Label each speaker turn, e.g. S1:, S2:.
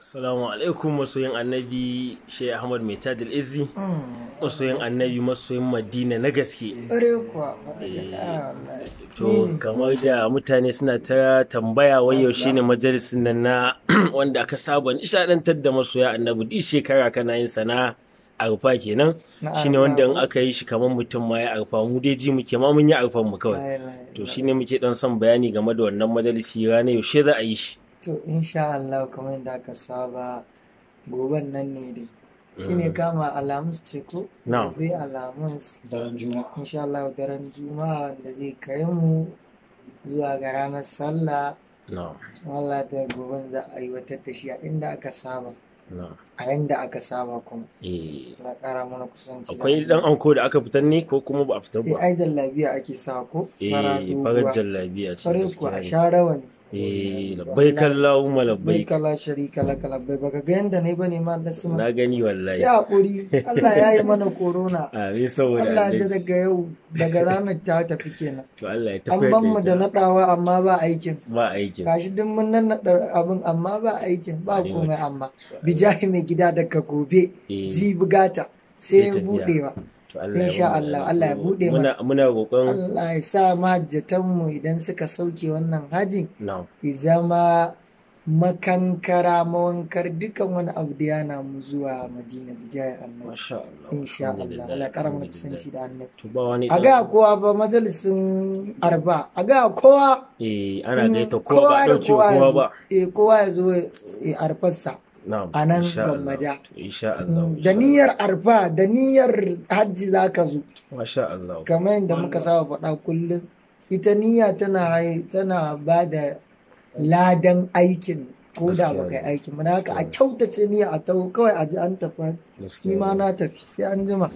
S1: Salamu alaikum masoyin annabi shai Ahmad Mai Tadil izi Masoyin annabi masoyin Madina na gaske.
S2: Eh, to
S1: kamar da mutane suna ta tambaya wai yaushe ne majalisin nan na wanda aka saba nishadantar da masoya annabi duk shekara kana yin sana arfa kenan
S2: shine wanda in aka
S1: yi shi kamar mutum ma ya arfa mu dai ji muke ma mun yi arfan mu kawai to shine muke dan son bayani game da wannan majalisi ranar yaushe za a yi shi
S2: to insha Allah kuma inda ka saba goben nan ne dai eh. shi ne kama alamus ce ko gobe alamus daren juma insha Allah daren juma wanda zai kai mu zuwa ga ranar sallah Allah ta goben za a yi wata tashi a inda aka saba a yanda aka saba kuma
S1: na eh.
S2: kara mana kusanci akwai dan
S1: anko da aka fitar ne ko kuma ba a fitar ba eh,
S2: ai jallabiya ake sa ko fara eh fara
S1: jallabiya ce fare ku a sharawa ne eh labbaik Allahumma labbaik
S2: kala sharika kala bai baka ga yanda ne bane ma Allah suma na
S1: gani wallahi ya hakuri Allah ya yi mana corona amin saboda Allah da daga
S2: yau daga ranar ta tafi kenan
S1: to Allah ya tafi an ban mu da
S2: nadawa amma ba aikin ba aikin gashi duk mun nan nada abin amma ba aikin ba komai amma bijahi mai gida daga gobe eh. ji bugata sai budewa insha Allah Allah ya bude mana muna roƙon Allah ya sa mahajjatan mu idan suka sauke wannan hajin ya zama makankara mawankar dukan wani abu da yana mu zuwa madina bijaya Allah. insha Allah Allah mu kusanci da
S1: wani. a ga
S2: kowa ba majalisin arba a ga kowa
S1: eh ana gaita kowa ba kowa ba
S2: eh kowa ya zo arfarsa a nan gammaja mm. da niyyar arfa da niyyar hajji za ka zo kamar yadda muka saba faɗa kullum ita niyya tana tana ba da ladan aikin ko da ba kai aikin mana haka a kyautace niyya a taho kawai a ji an tafi shi ma na tafi sai an jima